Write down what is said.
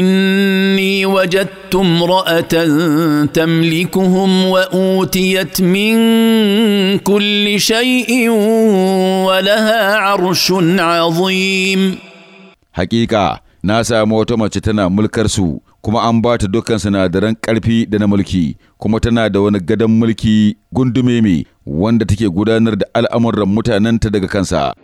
اني وجدت امراه تملكهم واوتيت من كل شيء ولها عرش عظيم حقيقه ناسا موتو ماتش تنا ملكرسو كما امبات دوكان سنا دران كالبي دنا ملكي كما تنا دوان غدم ملكي غندميمي وان دتكي دا الامر مطانن تدقى كانسا